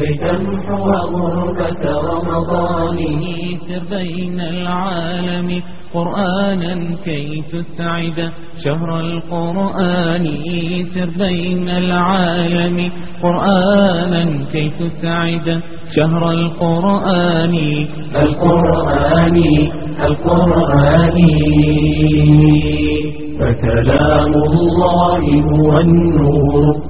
كي تمحو غربة رمضانه بين العالم قرآنا كي تسعد شهر القرآن سر بين العالم قرآنا كي تسعد شهر القرآن القرآن القرآن فكلام الله هو النور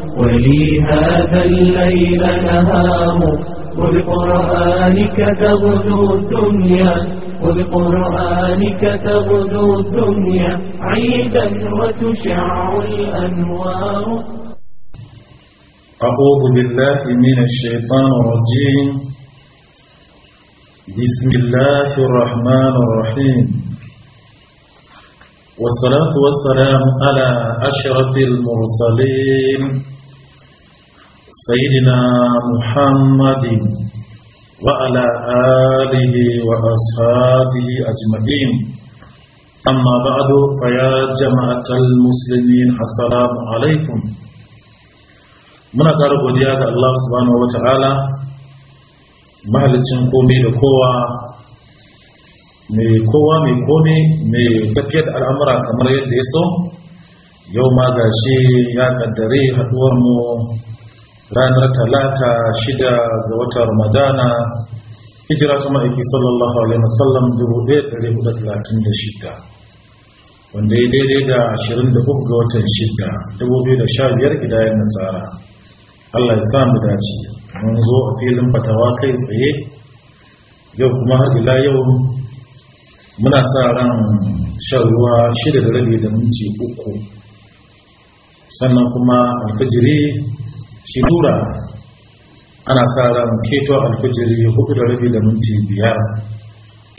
ولي هذا الليل نهام وبقرآنك تغدو الدنيا وبقرآنك تغدو الدنيا عيدا وتشع الأنوار أعوذ بالله من الشيطان الرجيم بسم الله الرحمن الرحيم والصلاة والسلام على أشرف المرسلين سيدنا محمد وعلى آله وأصحابه أجمعين أما بعد فيا جماعة المسلمين السلام عليكم من أقرب ديال الله سبحانه وتعالى ما هل تنقومي لقوة mai kowa mai komi mai tafiyar al'amura kamar yadda ya so yau يا ga shi ranar talata shida ga watan ramadana hijira ta ma'aiki sallallahu alaihi wasallam shida, wanda ya daidai da ashirin da uku ga watan shida dubu biyu da sha biyar gidayen nasara allah ya samu dace mun zo a filin fatawa kai tsaye yau kuma ila yau muna sa ran shan ruwa shida da rabi da minti uku sannan kuma alfajiri shidura ana sa ran keto alfijiri hudu da rabi da minti biyar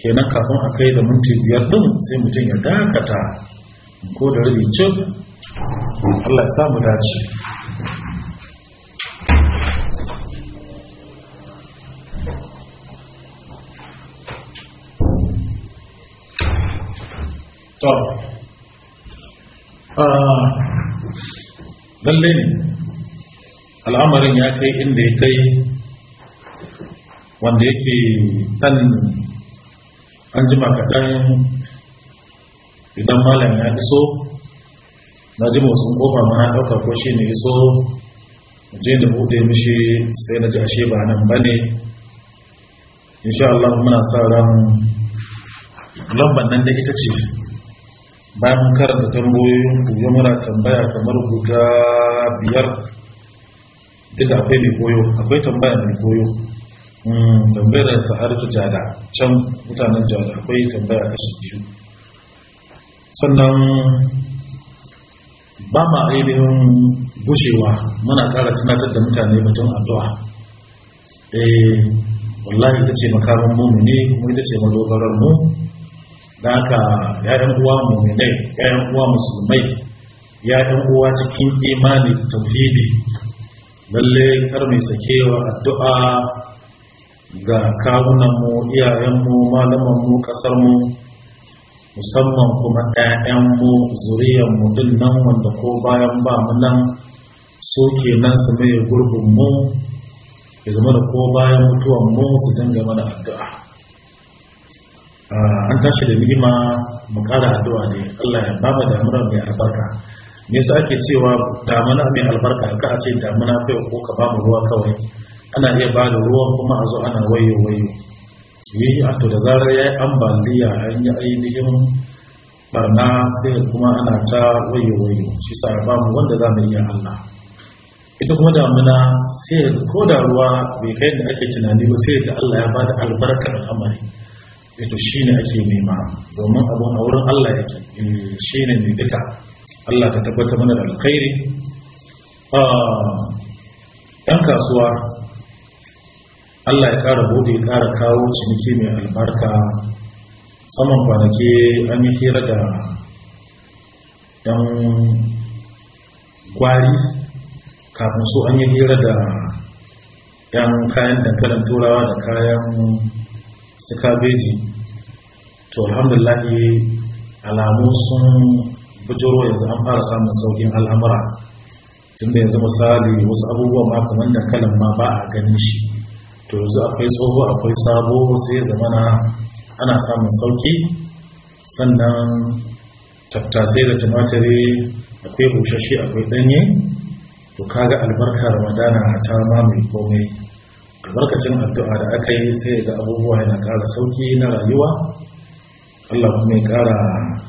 kenan kafin a kai da minti biyar din sai mutum ya dakata ko da rabi cin allah samu dace to ah, lallai ne al'amarin ya kai inda ya kai wanda yake ɗan an jima kaɗan idan malam ya iso na ji motsin ƙofa ma na ɗauka ko shi ne iso je da buɗe mishi sai na ji ashe ba nan ba ne insha Allah muna sa ran lamban nan da ita ce bayan karanta tambayoyin ku ya mura tambaya kamar guda biyar duka akwai mai koyo akwai tambaya mai koyo hmm. tambayar ta jada can mutanen jada akwai tambaya kashi biyu sannan ba ma ainihin gushewa muna ƙara tunatar da mutane batun addu'a eh wallahi ita ce makarin mu ne kuma ita ce madogarar mu da haka ‘ya'yan uwa mu muminai ‘ya'yan uwa musulmai ‘ya'yan uwa cikin imani tauhidi lalle kar mai sakewa addu'a ga kawunanmu iyayenmu malamanmu mu, musamman kuma ‘ya'yanmu zuriyanmu din nan wanda ko bayan ba mu nan so ke nan su mai gurbinmu ya zama da ko bayan mutuwanmu su dinga mana addu'a ah, an tashi da ni'ima mu ƙara addu'a ne Allah ya ba mu damar mai albarka me yasa ake cewa damuna mai albarka ka a ce damuna kai ko ka ba mu ruwa kawai ana iya ba da ruwa kuma a zo ana wayo wayo yi a to da zarar ya yi ambaliya an yi ainihin barna sai kuma ana ta wayo wayo shi sa ba mu wanda za mu iya Allah ita kuma damuna sai ko da ruwa bai kai da ake tunani ba sai da Allah ya ba da albarkar al'amari Ita shine ake nema domin abun a wurin Allah yake eh, shine ne duka Allah ka tabbata mana da alkhairi ah, ɗan kasuwa Allah ya ƙara bude ya ƙara kawo ciniki mai albarka saman kwanaki an yi hira da ɗan gwari kafin su an yi hira da ɗan kayan dankalin turawa da kayan su kabeji to alhamdulahi alamu sun bujiro yanzu an fara samun saukin al'amura tun da yanzu misali wasu abubuwa ma kamar da kalan ma ba a ganin shi to yanzu akwai tsoho akwai sabo sai zamana ana samun sauki sannan tattasai da tumatiri akwai bushashi akwai danye to kaga albarka ramadana ta mamaye komai albarkacin addu'a da aka yi sai ga abubuwa yana kara sauki na rayuwa Allah kuma ya ƙara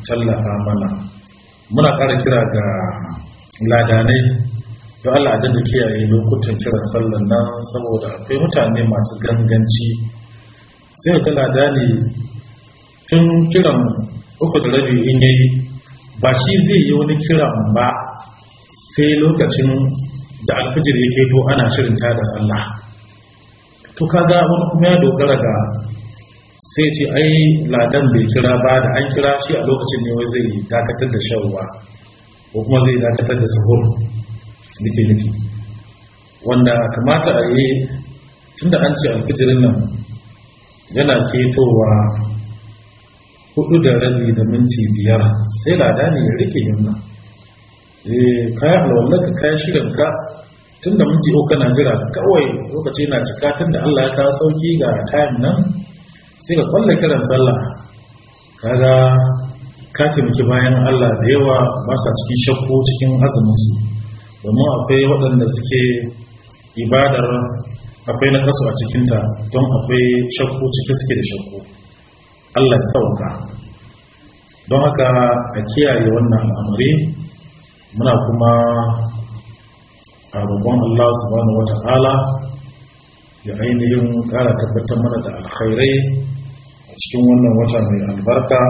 tallafa mana muna ƙara kira ga ladanai da Allah da kiyaye lokutan kiran sallan nan saboda akwai mutane masu ganganci sai ga ladani tun kiran uku da rabi in yayi ba shi zai yi wani kiran ba sai lokacin da alfijir yake to ana shirin ta da sallah to kaga wani kuma ya dogara ga sai ce ai ladan bai kira ba da an kira shi a lokacin ne wai zai dakatar da shan ruwa ko kuma zai dakatar da suhur nake nufi wanda kamata a yi tunda an ce alfijirin nan yana ketowa hudu da rabi da minti biyar sai lada ne ya rike yamma eh ka alwallaka kayan shirinka tun da minti uku kana jira kawai lokaci na cika tun da allah ya kawo sauki ga kayan nan sai ka kwalla kiran sallah kaga ka taimaki bayan Allah da yawa ba sa cikin shakku cikin azumin su domin akwai waɗanda suke ibadar akwai na kasu a cikinta don akwai shakku cikin suke da shakku Allah ya sauka don haka a kiyaye wannan al'amari muna kuma a roƙon Allah subhanahu wata'ala ya ainihin ƙara tabbatar mana da alkhairai cikin wannan wata mai albarka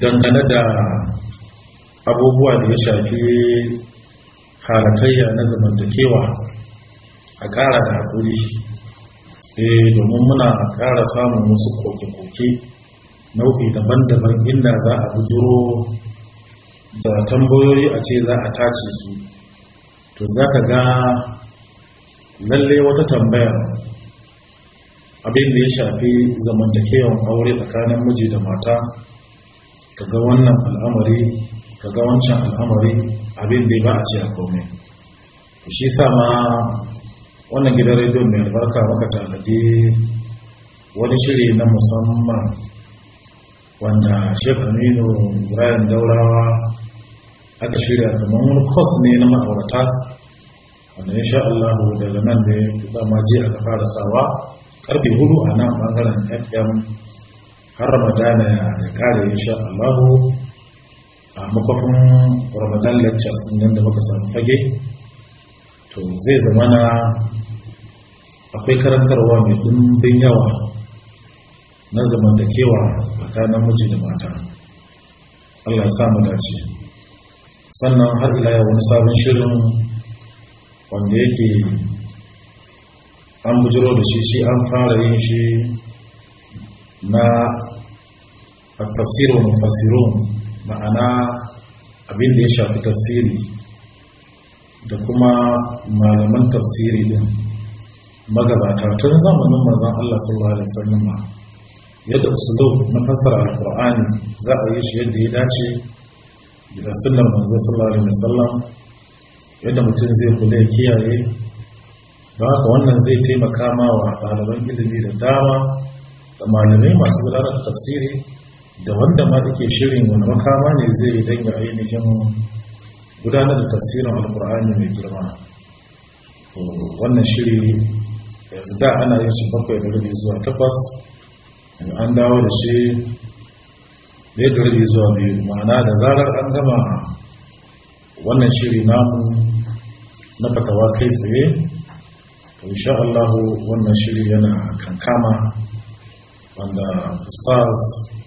dangane da abubuwa da ya shafi halatayya na zamantakewa a kara da haƙuri eh domin muna ƙara samun wasu koke-koke nau'i daban-daban inda za a bujiro da tambayoyi a ce za a tace su to za ka ga lalle wata tambaya abin da ya shafi zamantakewan aure tsakanin miji da mata kaga wannan al'amari kaga wancan al'amari abin da ba a ce a kome shi sa ma wannan gidan rediyon mai albarka maka tanadi wani shiri na musamman wanda shek aminu ibrahim daurawa aka shirya kamar wani kwas ne na ma'aurata wanda insha Allah da nan da ya ma ji aka fara sawa karfe hudu a nan bangaren fm har ramadana ya kare ya sha allahu a makwafin ramadan lectures din nan da muka samu fage to zai zama na akwai karantarwa mai dimbin yawa na zamantakewa tsakanin miji da mata allah ya samu dace sannan har ila yau wani sabon shirin wanda yake an bujiro da shi shi an fara yin shi na a tafsirin mafasirun, ma'ana abin da ya shafi tafsiri da kuma malaman tafsiri din magabata tun zamanin mazan Allah sallallahu alaihi wasallam yadda usulun na fassara Al-Qur'ani za a yi shi yadda ya dace da sunnar manzo sallallahu alaihi wasallam yadda mutum zai kula ya kiyaye don haka wannan zai taimaka ma wa ɗaliban ilimi da dama da malamai masu gudanar da tafsiri da wanda ma da ke shirin wani makama ne zai don ya ainihin gudanar da tafsirin alkur'ani mai girma wannan shiri yanzu da ana yin shi bakwai da rabi zuwa takwas an dawo da shi ɗaya da rabi zuwa biyu ma'ana da zarar an gama wannan shiri namu na fatawa kai tsaye insha Allahu wannan shiri yana kankama wanda stars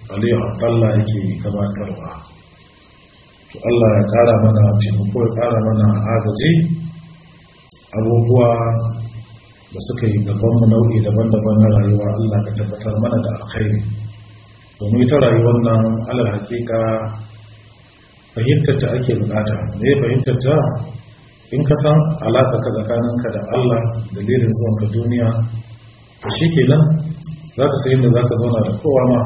Ali Abdullah yake gabatarwa to Allah ya kara mana taimako ya kara mana agaji abubuwa da suka yi gabanmu nau'i daban-daban na rayuwa Allah ka tabbatar mana da alkhairi domin ita rayuwar nan alal hakika fahimtar ta ake bukata ne fahimtar ta in ka san alaƙa ka tsakaninka da Allah dalilin zuwan ka duniya to shi ke nan za ka sayi da za ka zauna da kowa ma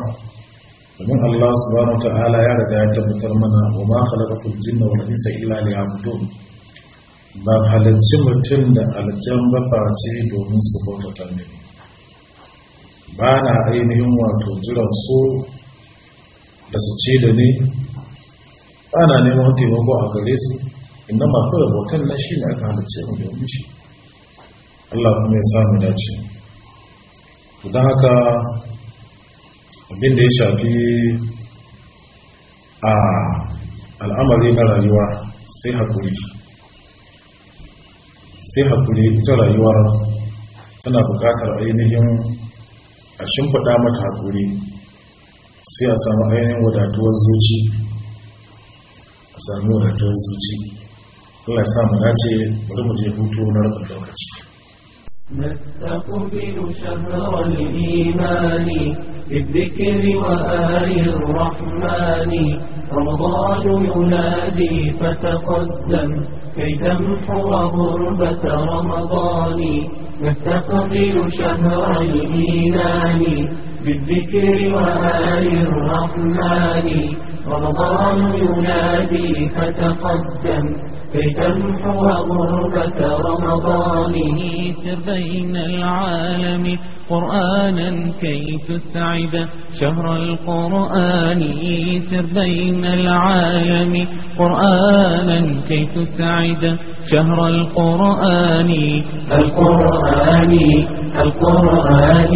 domin Allah subhanahu ta'ala ya riga ya tabbatar mana wa ma khalaqatul jinna wal insa illa liya'budun ba halarci mutum da aljan ba face domin su bauta ne ba na ainihin wato jiran su da su ce da ni ba na neman taimako a gare su inna ma kawai bautan na shi ne aka halice mu domin shi Allah kuma ya samu dace don haka abinda ya shafi a al'amari na rayuwa sai haƙuri sai haƙuri ita rayuwa tana buƙatar ainihin a shimfiɗa mata haƙuri sai a samu ainihin wadatuwar zuci a samu wadatuwar zuci Allah ya sa mu dace bari mu je hutu na rabin lokaci نستقبل شهر الإيمان بالذكر وآل الرحمن رمضان ينادي فتقدم كي تمحو غربة رمضان نستقبل شهر الإيمان بالذكر وآل الرحمن رمضان ينادي فتقدم لتمحو غربة رمضانه تبين العالم قرآنا كي تسعد شهر القرآن سر بين العالم قرآنا كي تسعد شهر القرآن القرآن القرآن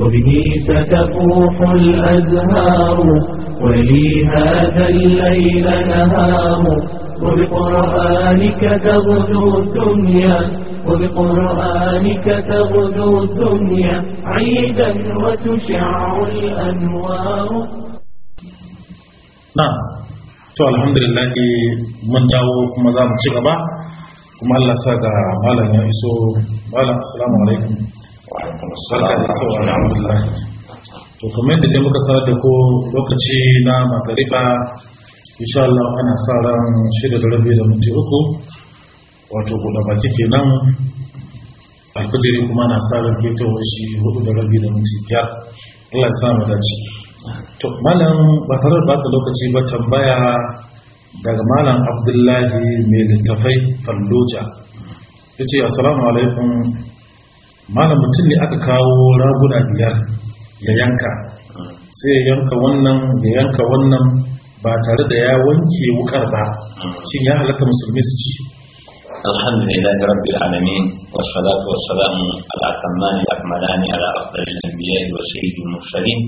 وبه ستفوح الأزهار ولي هذا الليل نهار وبقرآنك تغدو الدنيا وبقرآنك تغدو الدنيا عيدا وتشع الأنوار نعم to alhamdulillah mun dawo kuma za mu ci gaba kuma Allah sa ga malam ya iso malam assalamu alaikum to kamar da muka sa da ko lokaci na magariba insha Allah ana sa ran shida da rabi da minti uku wato ba baki kenan alfajiri kuma na sa ran kito shi hudu da rabi da minti biyar Allah ya samu dace to malam ba tare da baka lokaci ba tambaya daga malam Abdullahi mai littafai Falloja yace assalamu alaikum malam mutum ne aka kawo raguna biyar ya yanka sai ya yanka wannan ya yanka wannan ba tare da ya wanke wukar ba shin ya halatta musulmi su ci الحمد لله رب العالمين والصلاة والسلام على أتمان الأكملان على أفضل الأنبياء وسيد المرسلين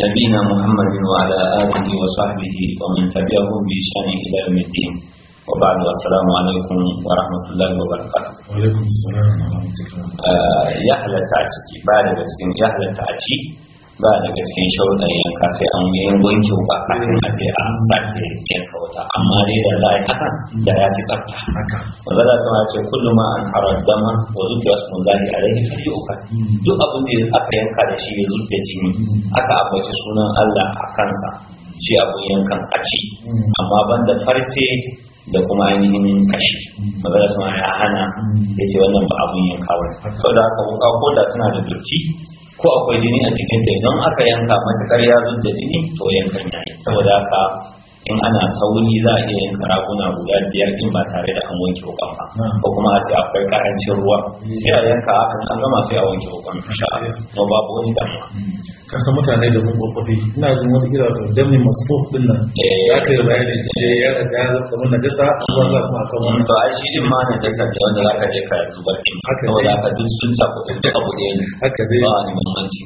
نبينا محمد وعلى آله وصحبه ومن تبعهم بإحسان إلى يوم الدين وبعد السلام عليكم ورحمة الله وبركاته وعليكم السلام ورحمة الله يا أهل التعشي بعد بسكين يا أهل التعشي ba daga cikin sharuɗan yanka sai an yi wankin ba kafin eh. a sai a yanka wata amma dai da za da ya fi tsafta wanda za ce kullum ma an harar dama wasu mun zafi a rage fari uka hmm. duk abin aka yanka da shi ya zuke jini hmm. aka ambaci sunan Allah a kansa shi abun yanka a ci hmm. amma banda da kuma ainihin kashi mm. magana sun ya hana mm. ya ce wannan ba abun yanka ba sau da haka buka ko da tana da dotti ko akwai jini a cikin ta idan aka yanka matakar ya da jini to yankan yayi saboda haka in ana sauri za a iya yin karaguna guda biyar in ba tare da an wanke hukam ba ko kuma a ce akwai karancin ruwa sai a yanka hakan an gama sai a wanke hukam insha Allah babu wani damuwa hmm. kasa mutane da mun kokofi ina jin wani kira da damin masu din nan eh. ya kai bayani shi ya ya da ya zama kamar najasa Ba za kuma kan wani hmm. to ai shi din ma najasa da wanda za ka je ka zubar kin haka ne saboda haka duk sun tafi duk abu ne haka dai ba ni mamanci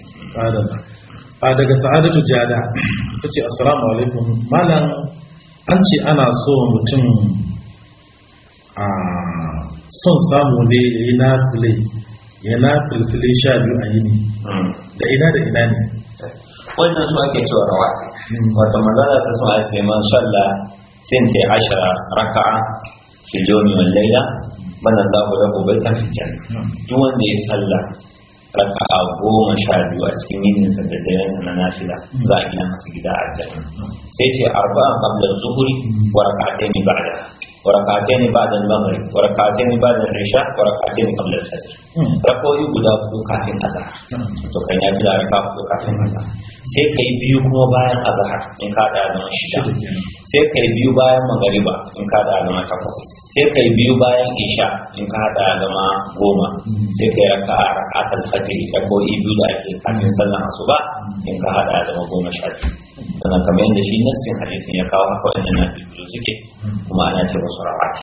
a daga sa'adatu jada ta ce assalamu alaikum malam an ce ana so mutum a son samu ne ya yi na kule ya na fulfule sha biyu a yini da ina da ina ne wannan su ake cewa rawa hmm. wata manzana ta so ake man salla sin ta ashara raka'a fi yomi wal laila bana da lahu baitan fi janna duk wanda ya salla raka a goma sha biyu a cikin sa da daren na nafila za a gina masa gida a aljanna sai ce arba'a qabla zuhuri wa raka'atayn ba'da وركعتين بعد المغرب وركعتين بعد العشاء وركعتين قبل الفجر ركوعي guda hudu kafin azhar hmm. to kan ya fila raka hudu kafin azhar sai kai biyu kuma bayan azhar in ka da zaman shida sai kai biyu bayan magariba in ka da zaman takwas sai kai biyu bayan isha in ka da zama goma hmm. sai kai raka a rakatul fajr rakawi biyu da ake kafin sallar asuba hmm. in ka hada zama goma sha biyu sannan kamar yadda shi nassin hadisin ya kawo haka wannan na biyu suke kuma ana ce musu rawati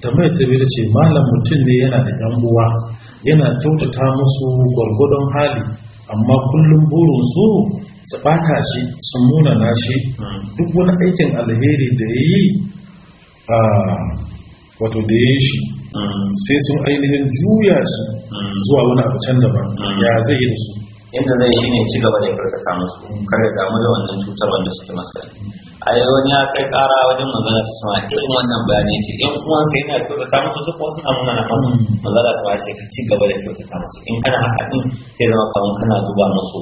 tambayar ta da ce malam mutum ne yana da yan yana kyautata musu gwargwadon hali amma kullum burin su su bata shi sun muna na shi duk wani aikin alheri da ya yi wato da ya yi shi sai sun ainihin juya shi zuwa wani abu can ba, ya zai yi da su Inda zai shi ne ci gaba da ya karkata musu kare damu da wannan cutar wanda suke masari ai wani ya kai kara wajen magana su sama irin wannan bayani ce in kuma sai yana kyautata musu su kuma suna nuna masa mm. manzala su ce ka ci gaba da kyautata musu in kana haka din sai zama kamar kana zuba musu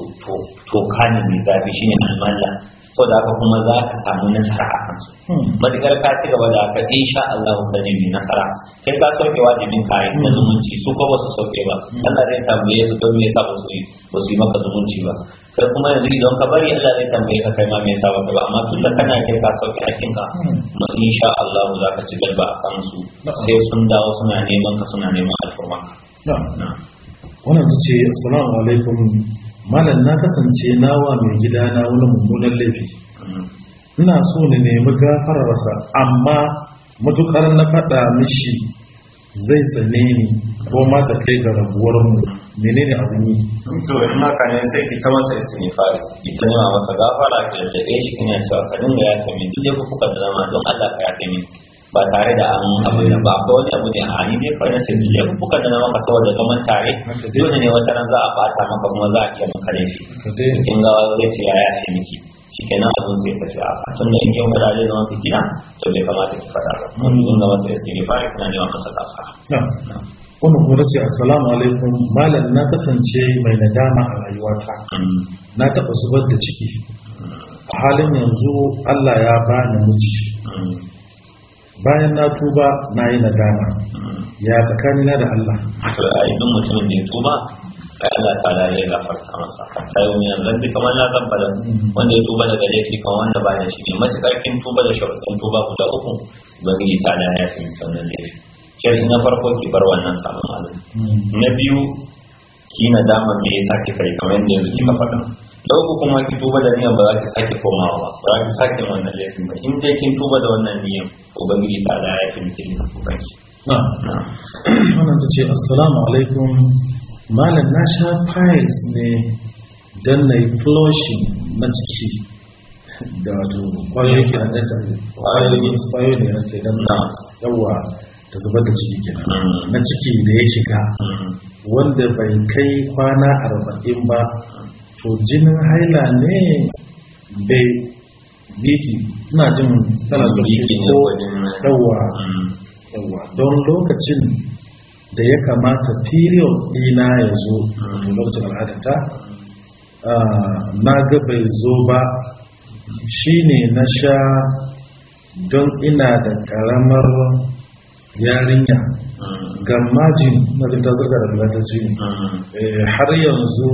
toka ne mai zafi shine almalla saboda haka kuma za ka samu nasara a kansu mm. matukar ka ci gaba da haka insha Allah ka ne mai nasara sai ka sauke wajibin ka yi na mm. zumunci su ko ba su sauke ba Allah zai tambaye su don me yasa ba su yi ba su yi maka zumunci ba sai kuma yanzu idan ka bari Allah zai tambaye ka kai ma me yasa baka ba amma tun da kana kai ka sauke aikin ka mun hmm. insha Allah za ka ci galba a su. sai sun dawo suna neman ka suna neman alfarma wannan ce assalamu alaikum malam na kasance nawa mai gida na wani mummunan laifi hmm. ina so na nemi gafararsa amma matukar na faɗa mishi zai tsane ni ko ma ta kai ga rabuwar mu menene abin yi to in haka ne sai ki ta masa istighfari ki ta nema masa gafara ki da take shi kina cewa ka dinga ya kame duk da kuka da zama don Allah ka ya kame ba tare da an abu da ba ko wani abu ne a ni dai kawai na ce duk da kuka da zama ka saboda zaman tare dole ne wata ran za a bata maka kuma za a iya maka laifi kin ga zai ce ya ya ce shi kenan abin sai tafi a tun da in yau ka dace zama fitina to bai kamata ki faɗa ba mun dinga masa istighfari kina neman masa na'am wannan kuma ce assalamu alaikum malam na kasance mai nadama a rayuwata na taɓa zubar da ciki a halin yanzu Allah ya ba ni miji bayan na tuba na yi nadama ya tsakanina da Allah a idan mutumin da ya tuba sai Allah ta da ya gafarta masa sai mun yanzu duk kamar na tabbata wanda ya tuba daga laifi kamar wanda ba ya shi ne matakan tuba da sharuɗin tuba guda uku ba zai yi ta da ya fi sannan laifi kai na farko ki bar wannan sabon azumi hmm. na biyu ki nadama me yasa ki kai kamar yadda yanzu kika faɗa da uku kuma ki tuba da niyan ba za ki sake komawa ba ba za ki sake wannan laifin ba in dai kin tuba da wannan niyan ubangiji ta da ya fi miki laifin ki. wannan ta ce assalamu alaikum malam na sha piles ne don na yi flushing na ciki da wato kwayoyi ke kwayoyin kwayoyi ne na ke don na yawa ta zubar da ciki kenan na ciki da ya shiga wanda bai kai kwana arba'in ba to jinin haila ne bai biki ina jin tana zurfi ko dawa mm. don lokacin da ya kamata period ɗina ya zo mm. lokacin al'adata na ga bai zo ba shine na sha don ina da karamar yarinya mm. gammajin na ta zirga da bulataci mm. eh, har yanzu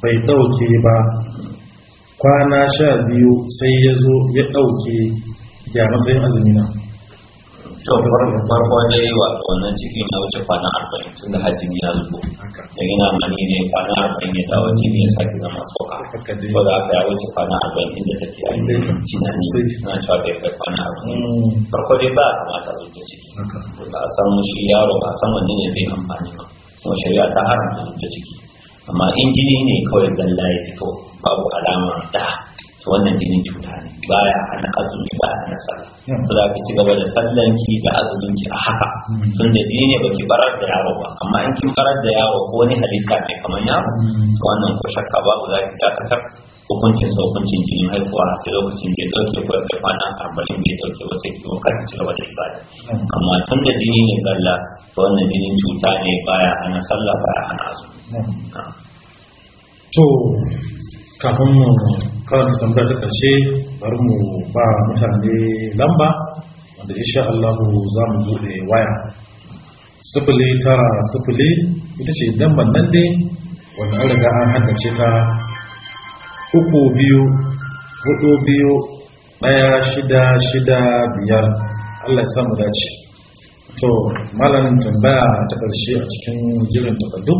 bai ɗauke ba kwana sha biyu sai ya zo ya ɗauke ya matsayin azumi azumina farko ne wannan ciki ya wuce kwana arba'in tun da hajjin ya zubo da yana mani ne kwana arba'in ya dawo jini ya sake zama soka ko da aka ya wuce kwana arba'in inda take a yi cinani na cewa bai kai kwana arba'in mm. farko dai ba a kamata zuwa ciki ba a san shi yaro ba a san wanne ne zai amfani ba kuma shari'a ta haramta da ciki amma in jini ne kawai zalla ya fito babu alamar da wannan jinin cuta ne baya hana azumi ba hana sallah to za ki ci gaba da sallanki da azuminki a haka mm. tun da jini ne baki barar da yaro ba amma in kin barar da yaro ko wani halitta ne kamar yaro? Mm. to wannan ko shakka babu za ki dakatar hukuncin sa hukuncin jinin haihuwa sai lokacin da ya dauke ko ya kwana arba'in bai dauke ba sai kiwon kan cire gaba da ibada amma tun da jini ne tsalla, to wannan jinin cuta ne baya ana sallah baya ana azumi to kafin mu karanta tambaya ta karshe bari mu ba mutane lamba wanda insha Allah za mu bude waya sifili tara sifili ita ce ban nan dai wanda an riga an haddace ta uku biyu hudu biyu daya shida shida biyar allah ya samu dace to malamin tambaya ta ƙarshe a cikin jirin takardu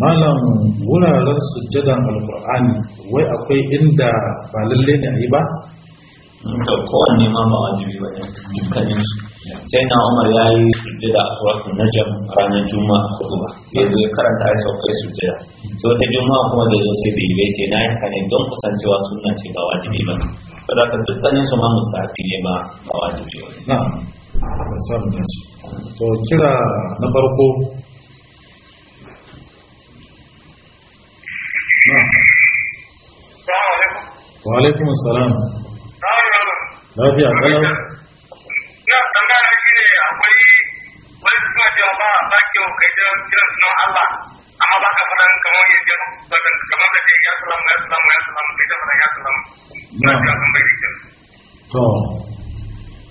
malam wuraren sujjadan alkur'ani wai akwai inda ba lalle ne a yi ba? kowanne ma ba wajibi ba ne sai na umar ya yi sujjada a suratun najam ranar juma'a kutuba yanzu ya karanta ya saukai sujjada sai wata juma'a kuma da zo sai da yi ce na yi hane ne don kusancewa suna ce ba wajibi ba za ka dukkanin su ma musafi ne ba ba wajibi ba na to kira na farko wa alaikum assalam lafiya kalau cewa ba ba kyau kai da kiran sunan Allah amma ba ka faɗan ba yadda wajen kamar da ya salamu ya salamu ya salamu kai da ya salamu ba ga kan bai kyau to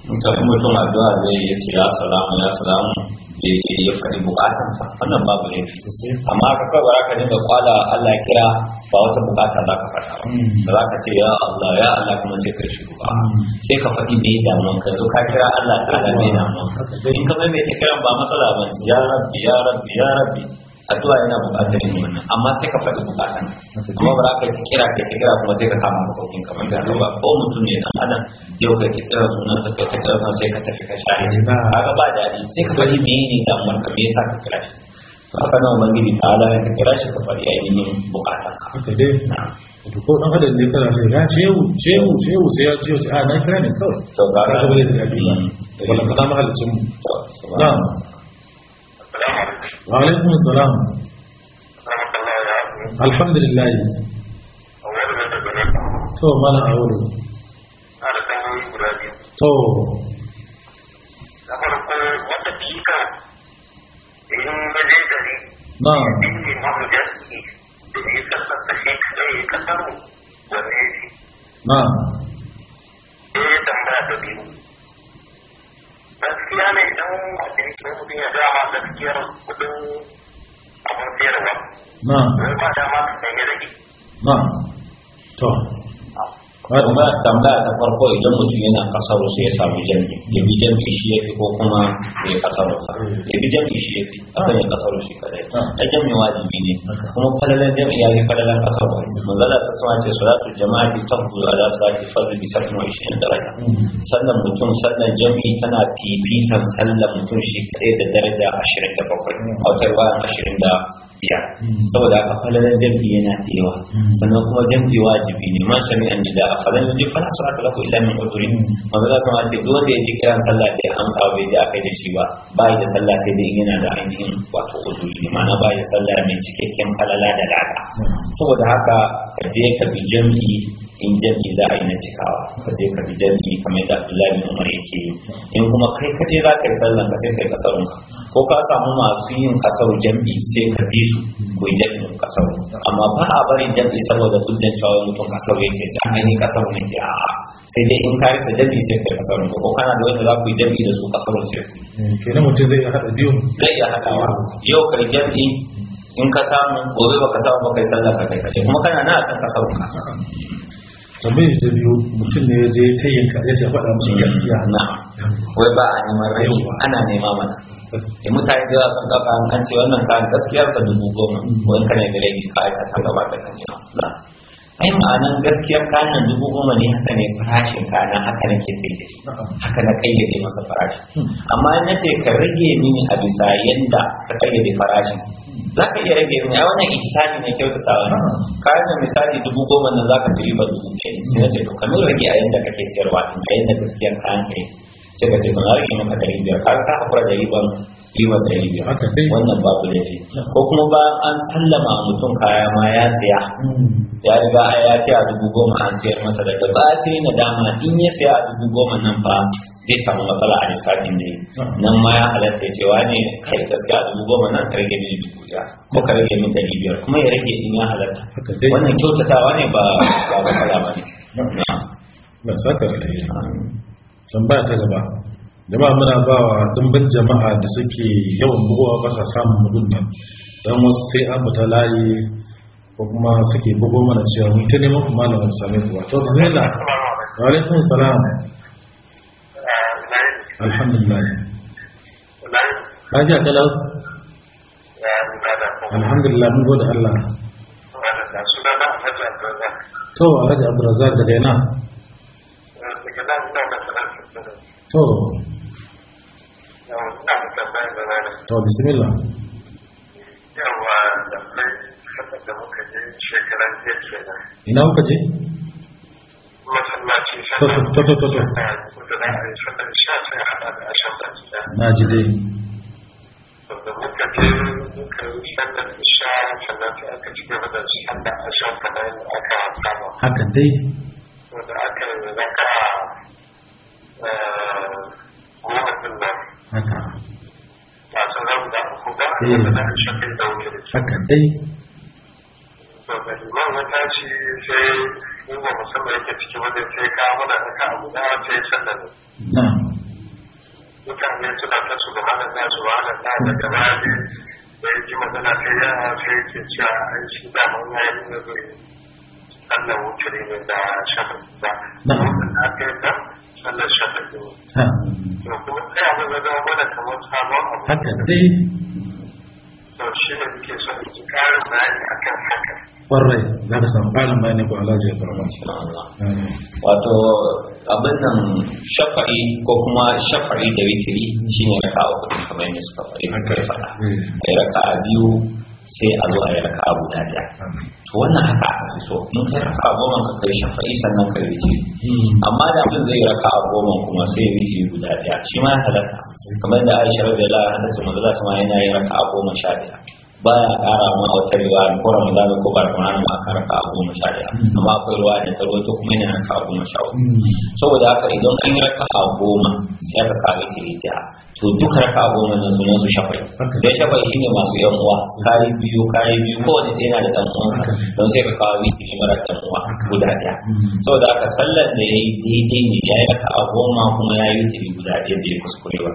mun tafi mutum addu'a zai yi ya salamu ya salamu ya faɗi sa wannan babu ne amma ka kawai bara ka dinga kwala Allah kira ba wata bukata za ka faɗa ba mm. za ka ce ya Allah ya Allah kuma sai ka shigo ba mm. sai ka faɗi me damuwan ka zo ka kira Allah ta da me damuwan mm. in ka mai ta kiran ba matsala ba ya rabbi ya rabbi ya rabbi addu'a yana buƙatar yin wannan amma sai ka faɗi buƙatan amma ba za ka ci kira ka ci kira kuma sai ka kama buƙatun ka ban gasa ba ko mutum ne dan adam yau ka ci kira sunan sa ka ci kira sunan sai ka tafi ka share kaga ba daɗi sai ka faɗi menene damuwar ka me yasa ka kira shi haka nan ubangiji ta ala ka kira shi ka faɗi ainihin buƙatan ka to ko dan adam ne kana ne ya shehu shehu shehu sai ya ce a na kira ne kawai to ga ka ga da tunani ba wala kada mahallicin mu na'am وعليكم السلام الحمد لله to mana a wurin to na farko wata fika in gaje gari na ɗin mahu jasi da ya kasar da shi kada ya kasar wanda ya ce na ya tambaya da biyu gaskiya ne dan kudin ya dama gaskiyar kudin abin sayarwa. Na. Wani ba dama ka sanya Na. To. ba tambaya ta farko idan mutum yana kasar wasu ya samu jami'i ya bi jami'i shi ya fi ko kuma ya kasar sa ya bi jami'i shi ya fi akan ya kasaro shi kadai ta jami'i wajibi ne kuma falalan jami'i ya fi falalan kasaro manzala sa suna ce salatu jama'a bi tabbu ala salati fadl bi sakin wa ishirin daraja sannan mutum sannan jami'i tana fifitan sallan mutum shi kadai da daraja ashirin da bakwai a wata ruwa ashirin da gaskiya saboda haka falalan jam'i yana ta yawa sannan kuma jam'i wajibi ne ma sami an nida a falan fa fala salatu lahu illa min udhuri manzo Allah sama ce duk wanda ya ji kiran sallah da amsa bai ji kai da shi ba ba da sallah sai dai in yana da ainihin wato uzuri ma'ana ba da sallah mai cikakken falala da lada saboda haka ka je ka bi jam'i in jam'i za a yi na cikawa ka je ka bi jami kamar yadda abdullahi bin umar yake yi in kuma kai kaɗai za ka yi sallan ka sai ka yi kasarun ko ka samu masu yin kasar jam'i sai ka bi su ko yi jami'in kasar amma ba a barin jam'i saboda hujjan cewa mutum kasar yake ke, an yi kasar ne ke a'a sai dai in ka rasa jam'i sai ka yi kasar ko kana da wanda za ku yi jami da su kasar sai ku yi. Eh, kenan mutum zai iya haɗa biyu. zai iya haɗawa yau kai jam'i in ka samu gobe baka samu ba kai sallar ka kai kaje kuma kana na kan kasar ka tambayar ta biyu mutum ne zai ta yinka ya ta faɗa musu gaskiya na wai ba a neman rayu ana nema mana da eh, mutane da sun kafa an ce wannan kan gaskiyar sa dubu goma wani kare da rai ka ta gaba da kan ai ma'anan gaskiyar kanan dubu goma ne haka ne farashin kanan haka nake sai da shi haka na kayyade masa farashi amma na ce ka rage mini a bisa yadda ka kayyade farashin za ka iya rage mini a wannan isani ne kyau da tsawon ka da misali dubu goma nan za ka ci riba dubu ɗaya sai na ce to ka rage a yadda kake siyarwa a yadda gaskiyar kayan ka yi sai ka ce to na rage maka ɗari biyar ka ka hakura da riban riban ɗari biyar wannan babu laifi ko kuma ba an sallama mutum kaya ma ya siya hmm. ya riga ya ce a dubu goma an siyar masa daga ba sai na dama in ya siya a dubu goma nan fa zai samu matsala a lissafin da nan ma ya halatta cewa ne kai gaskiya a dubu goma nan ka rage mini dubu ya ko ka rage min dari biyar kuma ya rage in ya halatta wannan kyautatawa ne ba ba matsala ba ne. ba saka da yi tambaya ta gaba Da ba muna ba wa dimbin jama'a da suke yawan bugowa ba sa samun nan, don wasu sai an ta layi ko kuma suke bugo mana cewa mun ta neman kuma da wani same kuwa to bismillah wa alaikum salam alhamdulillah ka ji akala alhamdulillah mun gode Allah to alhaji abdurrazak daga yana to to bismillah yawa da da muka je shekaran jiya kenan ina muka je masallaci sallar to to to to sallar sha sai hada da ashan da na ji dai da muka je muka yi sallar sha sannan sai aka ci gaba da sallar ashan kamar aka saba haka dai da aka zaka goma din nan haka ba sanar da ku ga da shakin da wuri haka dai to da liman ya tashi sai in ba musamman yake ciki wajen sai ka da ka abu dawa sai sallar mutane suna ta su wahalar da su wahalar na da ne da ya ji magana sai yara sai ke cewa an shi dama na yi na zai sallar wuturi ne da yi nan sallar ne to kuma sai abu zama mana kamar sabon abu haka dai to shi ne muke son ji karin bayani akan haka kwarai za ka samu ƙarin bayani ko Allah ya karba wato abin nan shafa'i ko kuma shafa'i da witiri ne raka kudin kamar yadda suka faɗi na ya faɗa yi raka biyu sai a zo a yi raka abu da daya to wannan haka a fi so in kai raka goma ka kai shafa'i sannan ka witiri hmm. amma da abin zai raka goma kuma sai witiri guda daya shi ma ya halatta kamar da Aisha radiyallahu anha ta manzo Allah sama yana yi raka goma sha biyar baya kara ma a wata riwa ko ramadan ko mu ramadan ba kara ka abu sha daya hmm. amma akwai ruwa da ta rawaito kuma yana ka abu na hmm. saboda haka idan an yi raka a goma sai ka kawo ta to duk raka goma nan sunan su shafai don shafai shine masu yan uwa kayi biyu kayi biyu kowane ɗaya na da ɗan uwa don sai ka kawo wiki ne mara ɗan uwa guda ɗaya mm-hmm. saboda aka sallar da ya yi daidai ne ya yi raka goma kuma ya yi witiri guda ɗaya ya kuskure ba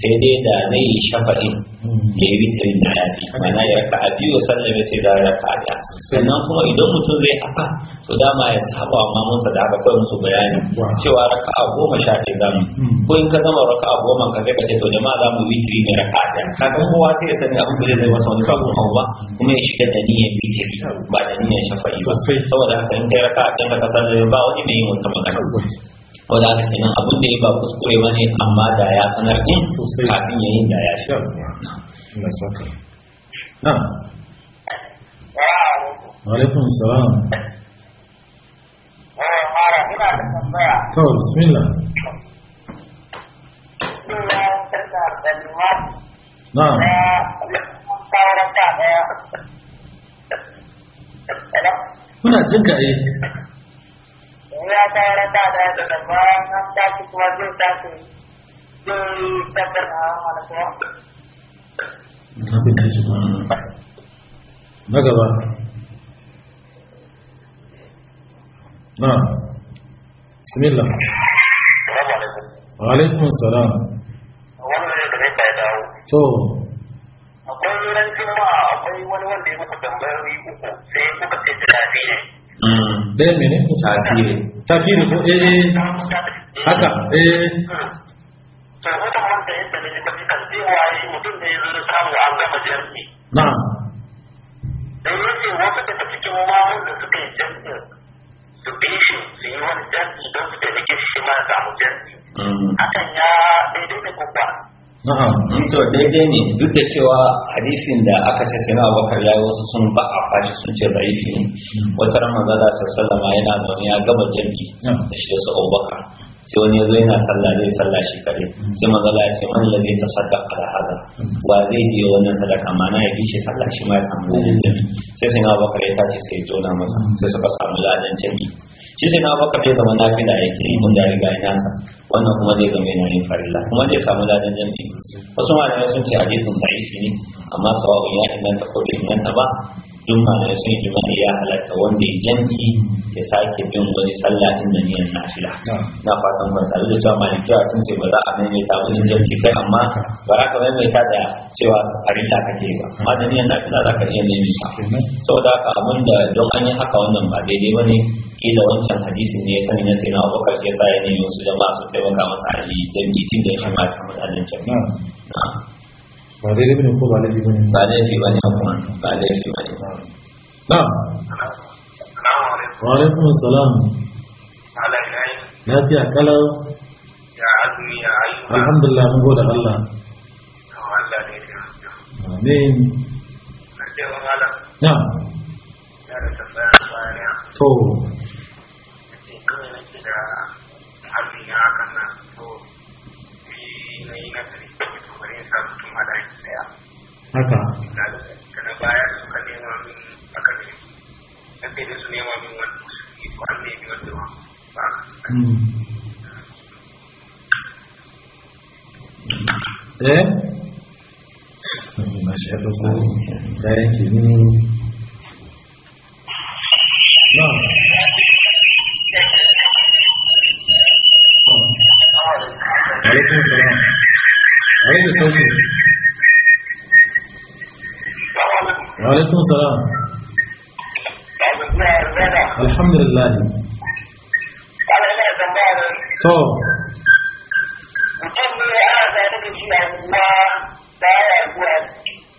sai dai da na yi shafa'in mm-hmm. ya yi witiri da ya fi mana ya raka a biyu sallame sai da raka a ɗaya sannan kuma idan mutum zai haka to dama ya saba ma mun sa da aka kawai musu bayani cewa raka a goma sha ɗaya zamu mm-hmm. ko in ka gama raka a goma ka sai ka ce to jama'a za mu witiri ne raka ta kowa sai ya sani abin da zai masa wani kafin hau ba kuma ya shiga da niyyar witiri ba da niyyar shafa'i ba saboda haka in kai raka ta ka san ba wani mai yin wata magana wanda aka kenan abin da ya ba kuskure ba ne amma da ya sanar din kafin ya da ya shi na alaikum salam eh, bismillah da liman na kuna jin ka eh ya ta da kuma na ji na gaba na bismillah wa alaikum salam ka dawo to akwai ran juma'a akwai wani wanda ya muku tambayoyi uku sai kuka ce mm. mene ko eh, eh haka eh to wata da yadda ne mutum ya zo samu an gama na'am wasu daga cikin mamun da suka yi su bi shi su yi wani don su tafi shi ma samu mm. hakan ya daidai da na'am to daidai ne duk da cewa hadisin da aka ce sai na ya yi wasu sun ba a fashi sun ce zaifi ne hmm. wata ran manzo da sallama yana zaune ya gama jami'i da shi da su abubakar sai wani yazo yana sallah zai sallah shi kare sai manzala ya ce man lazi ta sadaka ala hada wa zai biyo wannan sadaka mana ya yi shi sallah shi ma ya samu ladan jami sai sai na bakar ya tashi sai jona masa sai suka samu ladan jami shi sai na bakar ya zama nafila yake mun da riga ina sa wannan kuma zai zama yana yin farilla kuma zai samu ladan jami wasu malamai sun ce hadisin da'ifi ne amma sawabin ya inganta ko nan ta ba duk da sun yi jima'i ya halatta wanda ya jami'i ya sake bin wani sallah din da niyyar nafila na fatan ban tare da cewa malikiya sun ce ba za a maimaita ba in jam'i kai amma ba za ka maimaita da cewa farilla kake ba amma da niyyar nafila za ka iya maimaita saboda haka abin da don an yi haka wannan ba daidai ba ne kila wancan hadisin ne ya sani na sai na abubakar ya sa ya nemi wasu jama'a su taimaka masa a yi jam'i din da ya shi ma samun adalcin jam'i ba daidai ne ko ba laifi ne. ba laifi bane ba laifi ne. na'am Walaikun salam. Ala Lafiya kalau. Ya azumi ya ayyuka. Allah. Kuma Allah ne ya hanta. Amin. da tafiya bayan. To. da daya. Haka. يدرسني امامي والمسلمين وعلمي والدوام ايه ماشي هذا لا يمكن نعم عليكم السلام عيد التوفيق وعليكم السلام alhamdulillah to mutum ne ana zane da shi a kuma baya zuwa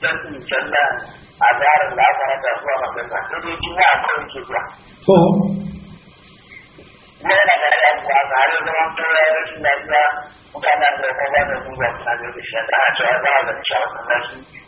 jan'in sallah a zarar da aka rata zuwa madrasa sai dai juma a kawai ke zuwa to yana da rayuwa ko a zare zaman tura rashin lafiya mutane da kuma ba da zuwa mutane da shi a tsara cewa za a zama shi a masallaci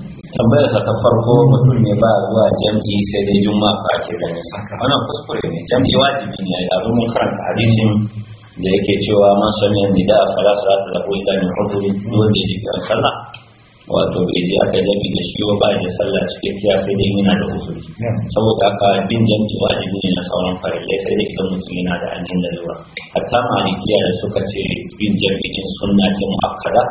tambayar sa ta farko mutum ne ba zuwa jam'i sai dai juma'a ka ake ganin saka ana kuskure ne jam'i wajibi ne a zo mun karanta hadisin da yake cewa man sanya nida da fara salatu da ko ita ne huduri dole ne ga sallah wato bai je aka jami da shi ba da sallah cikakkiya sai dai yana da uzuri saboda haka bin jam'i, wajibi ne na sauran farillai sai dai idan mutum yana da anin da lura hatta malikiya da suka ce bin jami'in sunna ce mu'akkada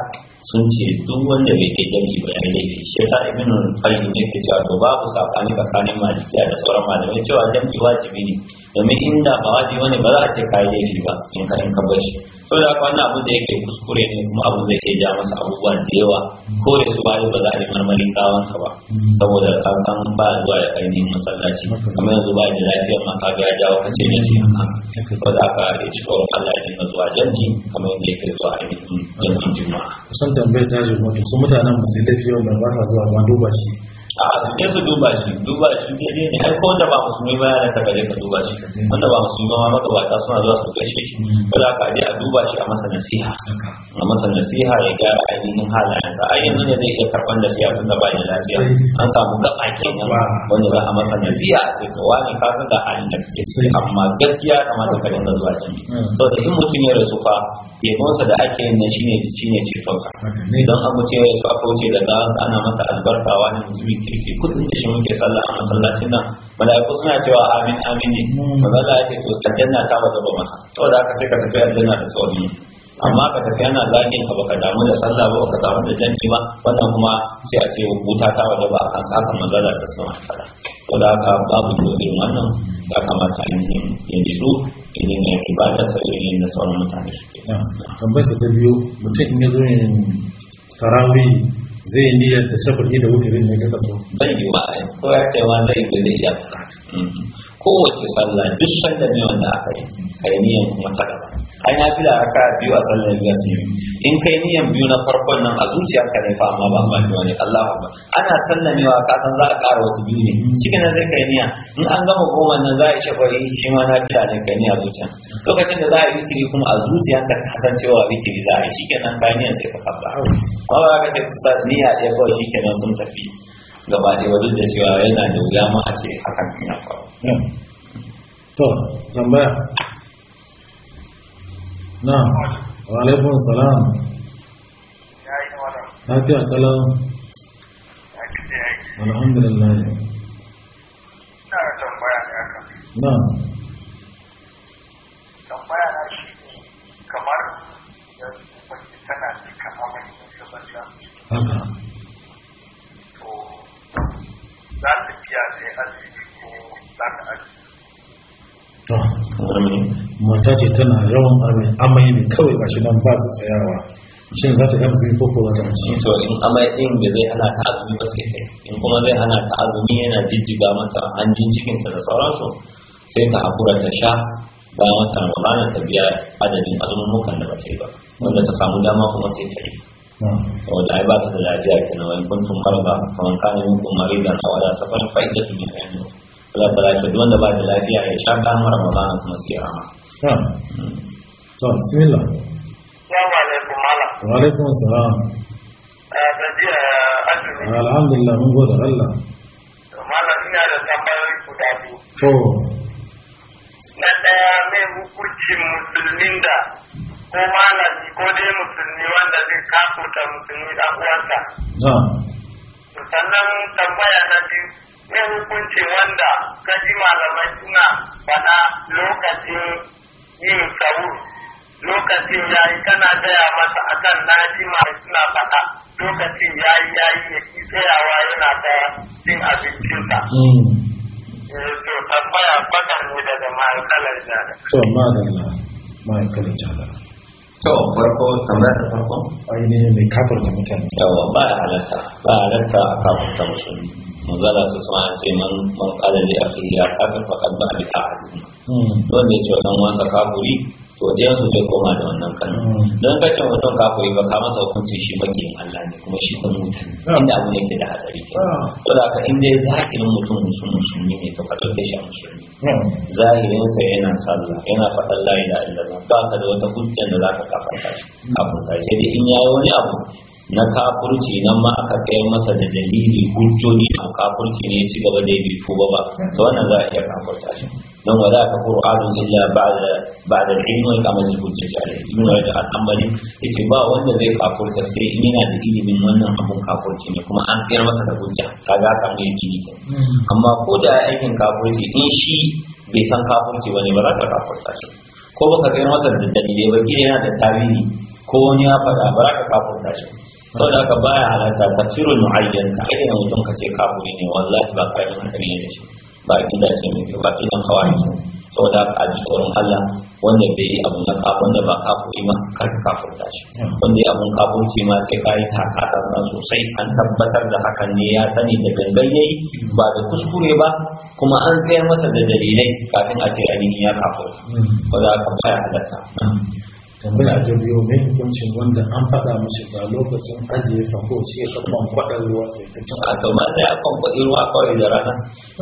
sun ce duk wanda bai kai dangi ba ya laifi shi yasa ibnu qayyim yake cewa babu sakani tsakanin malikiya da sauran malamai cewa dangi wajibi ne domin inda ba wajibi wani ba za a ce kayi laifi ba in ka in ka bar shi to da haka wannan abin da yake kuskure ne kuma abin da yake ja masa abubuwa da yawa ko da su bayan ba za a yi marmarin kawansa ba saboda ka san ba zuwa ya ainihin masallaci kamar yanzu ba da lafiya ma ka ga ya jawo kace ne shi haka ko da ka ya ci tsoron Allah ya dinga zuwa janji kamar yadda yake zuwa ainihin janjin juma'a kusan tambayar ta jima to su mutanen masu lafiya da ba sa zuwa ma duba shi a sai ku duba shi duba shi daidai ne ai ko wanda ba musulmi ba yana ta gare ka duba shi wanda ba musulmi ba maka wata suna zuwa su gaishe shi kada ka je a duba shi a masa nasiha a masa nasiha ya gyara ainihin halayensa ai yanzu ne zai iya karɓar nasiha tun da ba ya lafiya an samu gaba kenan wanda za a masa nasiha sai ka wani ka san da halin da kake amma gaskiya kamata ka dinga zuwa jami'i saboda in mutum ya rasu fa yabonsa da ake yin nan shi ne cetonsa don abu cewa ya tsafa wuce da za ana mata albarka wani musulmi kirki kudin da shi muke sallah a masallacin nan mala'iku suna cewa amin amin ne hmm. maza a ce to aljanna ta wata ba masa saboda haka sai ka tafi aljanna da sauri amma ka tafi ana zagin ka baka damu da sallah ba ka damu da janni ba wannan kuma sai a ce wuta ta wada ba a saka manzala maza da to da haka babu dole wannan ya kamata a yi yin su idan ya fi ba ta da sauran mutane su ke tambayar ta biyu mutum in ya zo yin tarawi zai yi niyyar da shafa'i da wuturin ne ka kato zai yi ba ko ya ce ma zai yi da iya fara kowace sallah duk sallah ne wanda aka yi kai niyan kuma ta gaba ai na fila raka biyu a sallar biyu su in kai niyan biyu na farkon nan a zuciya ka ne fa amma ba ma biyu ne Allah ba ana sallah ne wa ka san za a ƙara wasu biyu ne cikin nan sai kai niya in an gama goma nan za a yi shakwari shi ma na fila ne kai niyan zuciya lokacin da za a yi wikiri kuma a zuciya ka san cewa wikiri za a yi kenan kai niyan sai ka kafa ba ba ka ce niyya ɗaya kawai shikenan sun tafi gaba ɗaya duk da cewa yana da wuya ma a ce hakan ya faru to tambaya na wa alaikun salam lafiya kalan alhamdulillah na tambaya na shi kamar yanzu tana cikin amalin shugabancin to mata ce tana yawan amai ne kawai ba shi nan ba su tsayawa shin za ta yi azumi ko ko ta ci to in amai din bai zai hana ta azumi ba sai kai in kuma zai hana ta azumi yana jijjiga mata hanjin cikinta da sauransu sai ta hakura ta sha bayan wata ramadana ta biya adadin azumumukan da ba ta yi ba wanda ta samu dama kuma sai ta yi wanda ai ba ta da lafiya kenan wani kuntum marba kamar kana kuma rigar a ala safar fa'idatu min ayyamin Allah ta lafiya duk wanda ba da lafiya ya sha kan Ramadan kuma sai rama to bismillah assalamu alaikum malam wa alaikum assalam eh, eh, alhamdulillah mun gode Allah malam ina da tambayoyi guda biyu to na ɗaya mai hukuncin musulmin da ko malami ko dai musulmi wanda zai kafuta musulmi ɗan uwansa sannan tambaya na biyu ne hukunci wanda ka ji malamai suna faɗa lokacin yin sahur lokacin yayi kana gaya masa akan na ji malamai suna faɗa lokacin yayi yayi ya ki tsayawa yana ta cin abincinsa. Mm. Eh, to tambaya faɗa ne daga ma'aikalar jada. To ma'aikalar jada. to farko tambaya ta farko ne mai kafarta mutane yawa ba da halarta ba halarta a kafarta musulmi manzala su sama a ce man man kada ne a fili a kafin fakat ba a bi a hadu Don ya ce wannan wansa kafuri to ɗayan su zai koma da wannan kan hmm. don ka kacin mutum kafuri ba ka masa hukunci shi ba makiyin Allah ne kuma shi kan mutum hmm. inda abu yake da hatsari ke to da haka in dai zakirin mutum musulmi ne to ka ɗauke shi a musulmi zahirin yana sallah yana faɗan la ilaha illallah ba ka da wata hujja da zaka kafarta shi kafirta sai dai in yayi wani abu na kafurci nan ma aka kai masa da dalili hujjoji a kafurci ne ya ci gaba da ya bi ba to wannan za a iya kafurta shi don ka qur'anun illa ba da al wani wa kamar al-hujja alayhi wani rajab al ya ce ba wanda zai kafurta sai in yana da ilimin wannan abun kafurci ne kuma an tsayar masa da hujja kaga a samu yakini mm-hmm. amma ko da aikin kafurci in shi bai san kafurci wani ba za ka kafurta shi ko baka kai masa da dalilai ba kila yana da tarihi ko wani ya faɗa ba za ka kafurta shi saboda haka baya halatta tafsirul mu'ayyan ka ayyana mutum ka ce kafuri ne wallahi ba ka yi kare ne shi ba kida ce mai ba kidan hawari saboda a ji tsoron Allah wanda bai yi abu na kafin da ba kafuri ma kar kafurta shi wanda ya abun kafurci ma sai ka yi takata sosai an tabbatar da hakan ne ya sani da gangan yayi ba da kuskure ba kuma an tsayar masa da dalilai kafin a ce ainihin ya kafurta ba za ka baya halatta tambaya ta biyo mai hukuncin wanda an faɗa mashi ba lokacin ajiye sako shi ya kan kwaɗa ruwa sai ta cin a kama da ya kan kwaɗi ruwa kawai da rana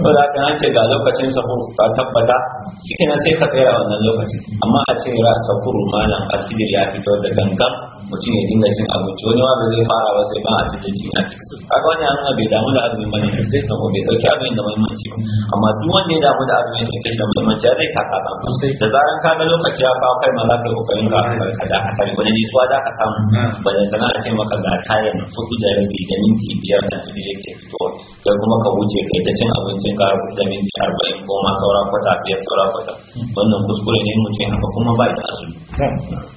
ko da ka ce ga lokacin sako ka tabbata shi sai ka tsaya wannan lokacin amma a ce ra sakuru malam alfijir ya fito da gangan mutum ya dinga cin abinci wani ma bai zai fara ba sai ba a cikin cin a cikin kaga wani hannuna bai damu da azumin ne sai ta bai dauki abin da muhimmanci ba amma duk wanda ya damu da azumin da ne da muhimmanci ya zai taka ba sai da zaran ka ga lokaci ya kawo kai ma za ka yi kokarin ka ka da ka ne wani nisuwa za ka samu hmm. ba da sana'a ce maka ga kayan fudu da rabi da minti biyar da su fito kai kuma ka wuce kai ta cin abincin ka da minti arba'in ko ma saura kwata biyar saura kwata hmm. wannan kuskure ne mutum haka kuma ba da azumi hmm.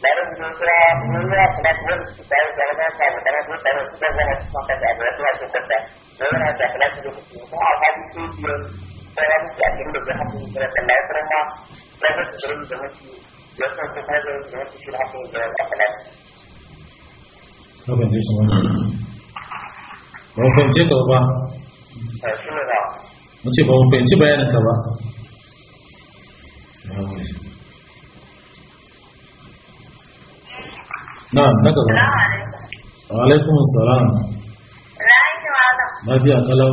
Meron juga dua pelabuhan dari Jakarta saya bertanya dulu saya sudah sangat sampai saya bertanya dulu saya Meron ada pelabuhan juga itu akan itu saya yakin beberapa minggu lalu terima lalu sebelum dengan biasa untuk saya dengan istirahat yang jalan apa lagi. Apa yang semuanya? Mau pensi atau apa? Saya sudah tahu. Masih mau pensi bayaran apa? Terima kasih. na'am na gaba wa alaikum assalam lafiya kalau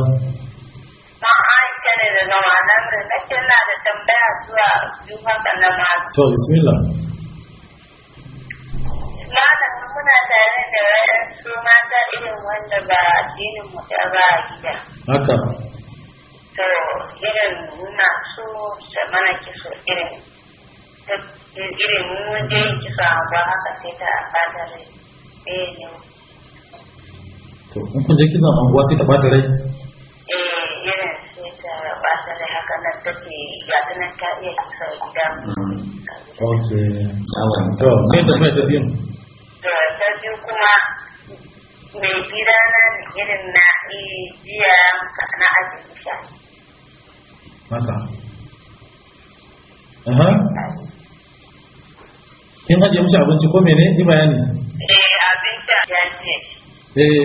an aisha ne daga malam da nake na da tambaya zuwa juha sannan ma to bismillah malam kuna tare da wasu mata irin wanda ba addinin mu ta ba a gida haka to irin muna so da mana ke irin irin wanda ya kisa ba haka sai ta bata rai eh mm. ne to in kun je kisan anguwa sai ta bata rai eh irin sai ta bata rai haka nan take ya nan ta iya kisa gida ok awan to me da me da biyu to ta biyu kuma mai gida na irin na iya na ajiyar Maka. Aha. kin haje mishi abinci ko mene yi bayani eh abinci ya ce eh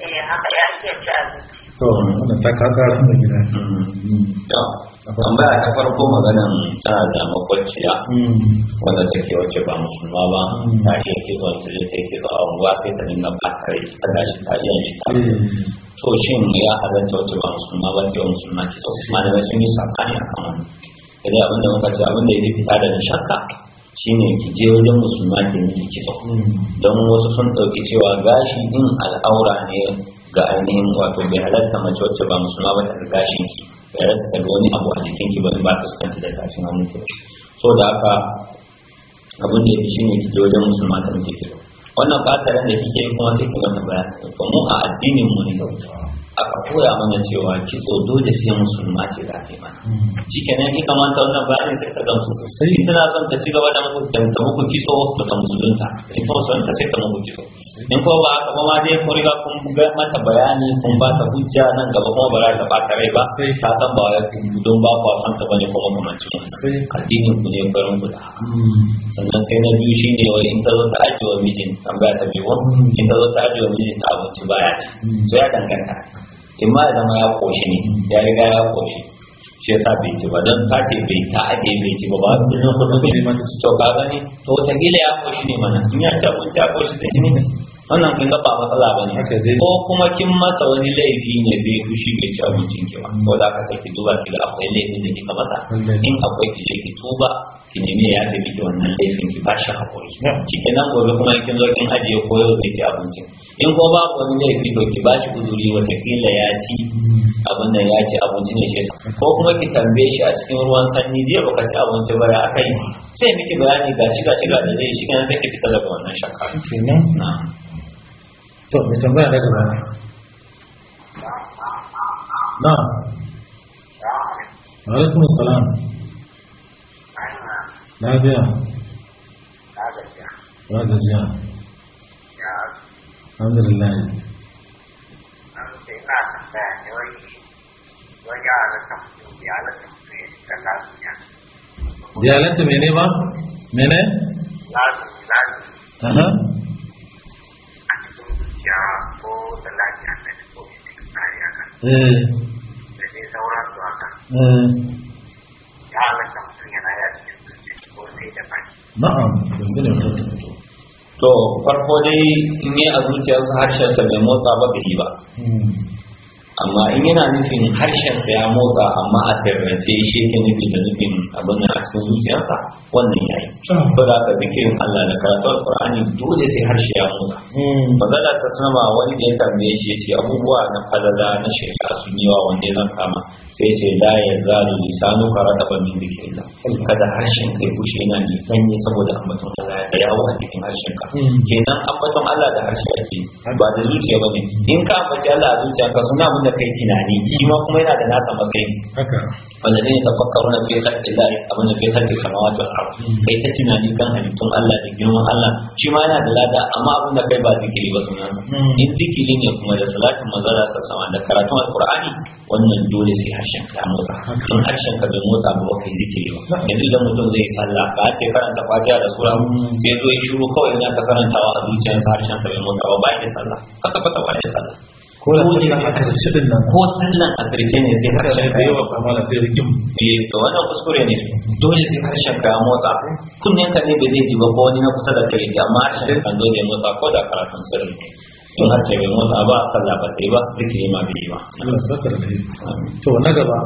eh haka ya ce ta to wannan ta ka ka da gida mm. to tambaya ta farko maganan ta ah, da makwabciya mm. wanda take wacce ba musulma ba mm. ta iya kizo ta je ta kizo a unguwa sai ta dinga bakare ta gashi ta iya ne ta eh. to shin ya halatta wacce ba musulma ba ta yi So kizo malamai sun yi sakani akan wannan idan abinda muka ce abinda ya fita da shakka shine ki je wajen musulma ke miki kitso don wasu sun ɗauki cewa gashi din al'aura ne ga ainihin wato bai halatta mace wacce ba musulma ba ta gashin ki bai halatta da wani abu a jikin ki ba ba ta sanki da gashin hannun ki so da haka abin da yafi shine ki je wajen musulma ta miki kitso wannan ɓatarin da kike yi kuma sai ki mata bayan mu a addinin mu ne aka koya mana cewa kitso dole sai musulma ce da ta mana shi kenan ita manta wannan bayanin sai ta gamsu sai tana son ta ci gaba da ta muku kitso ba ta musulunta ita musulunta sai ta muku kitso in ko ba haka ma dai kun riga kun ga mata bayani kun ba ta hujja nan gaba kuma ba za ta ba ta rai ba sai ta san ba ku don ba ku san ta bane kuma kuma ci addinin ku ne barin ku da haka hmm. sannan sai na biyu ne wai in ta zo ta ajiye wa mijin tambaya ta biyu hmm. in ta zo ta ajiye wa mijin ta abinci baya ci sai hmm. ya danganta in ma zama ya koshi ne ya riga ya koshi shi yasa bai ci ba don fati bai ta ake bai ci ba ba kullum kullum bai mata to ka gani to wata gila ya koshi ne mana in ya ci abinci a koshi zai ne wannan kin ga ba matsala ba ne ko kuma kin masa wani laifi ne zai fushi bai ci abincin ki ba ko mm. za ka saki duba ki ga akwai laifin da kika masa in akwai ki je ki tuba ki nemi ya tafi ki wannan laifin ki ba shi hakuri ki kenan gobe kuma kin zo kin ajiye ko yau zai ci abincin in ko ba wani laifi to ki ba shi uzuri kila ya ci mm. abin nan ya ci abinci ne ke sa. ko kuma ki tambaye shi a cikin ruwan sanyi zai baka ci abinci ba ya akai sai miki bayani gashi gashi ga da zai shi kenan sai ki fita daga wannan shakka kenan na'am Contohnya ada di mana? Nah, Waalaikumsalam. Nadia. Nadia. Nadia. Ya. Alhamdulillah. दियालत मैंने बाप मैंने हाँ masallaci annabi ko mai cikin tsari a kan eh. da dai sauran su haka eh. ya halatta mutum yana ya cikin zuciya ko sai da baki na'am yanzu ne mutum to farko dai in yi a zuciyarsa harshensa bai motsa ba bai yi ba hmm. amma in yana nufin harshensa ya motsa amma a sirrance shi yake nufin da nufin abin da a cikin zuciyarsa wannan ya yi so da ka zikirin Allah da karatu alqur'ani dole sai harshe ya motsa hmm. magana ta sama wani da ya tambaye shi ya ce abubuwa na fadada na shari'a sun yi wa wanda ya kama sai ce da ya zalu lisanu karata ba min ka kada harshen kai kushe yana ne tanye saboda ambaton da yawo a cikin harshenka hmm. kenan ambaton Allah da harshe ake ba da zuciya bane in ka ambaci Allah a zuciya ka suna mun da kai tunani shi ma kuma yana da nasa matsayi wanda ne tafakkaruna fi khalqi Allah abin da fi khalqi samawati wal ard hmm. kai ta tunani kan halittun Allah da girman Allah shi ma yana da lada amma abin da kai ba zikiri ba sunan hmm. in zikiri ne kuma da salatin manzara sassama da karatun alqur'ani wannan dole sai harshen ka motsa in harshen ka bai motsa ba kai zikiri ba yanzu idan mutum zai sallah ba ce karanta fatiha da sura ya zo ya shiru kawai yana ta karantawa a zuciyarsa harshen sa bai motsa ba ba ya sallah kaka kwata ba ya sallah ko da ne a asirce din nan ko sallan asirce ne sai harshen ka yawa kama da sai rikim eh to wannan kuskure ne dole sai harshen ka ya motsa kunnen ka ne bai zai ji ba ko wani na kusa da kai ji amma harshen ka dole ya motsa ko da karatun sirri in har bai motsa ba sallah ba sai ba zikiri ma bai yi ba Allah saka da to na gaba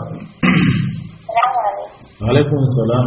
alaikum salam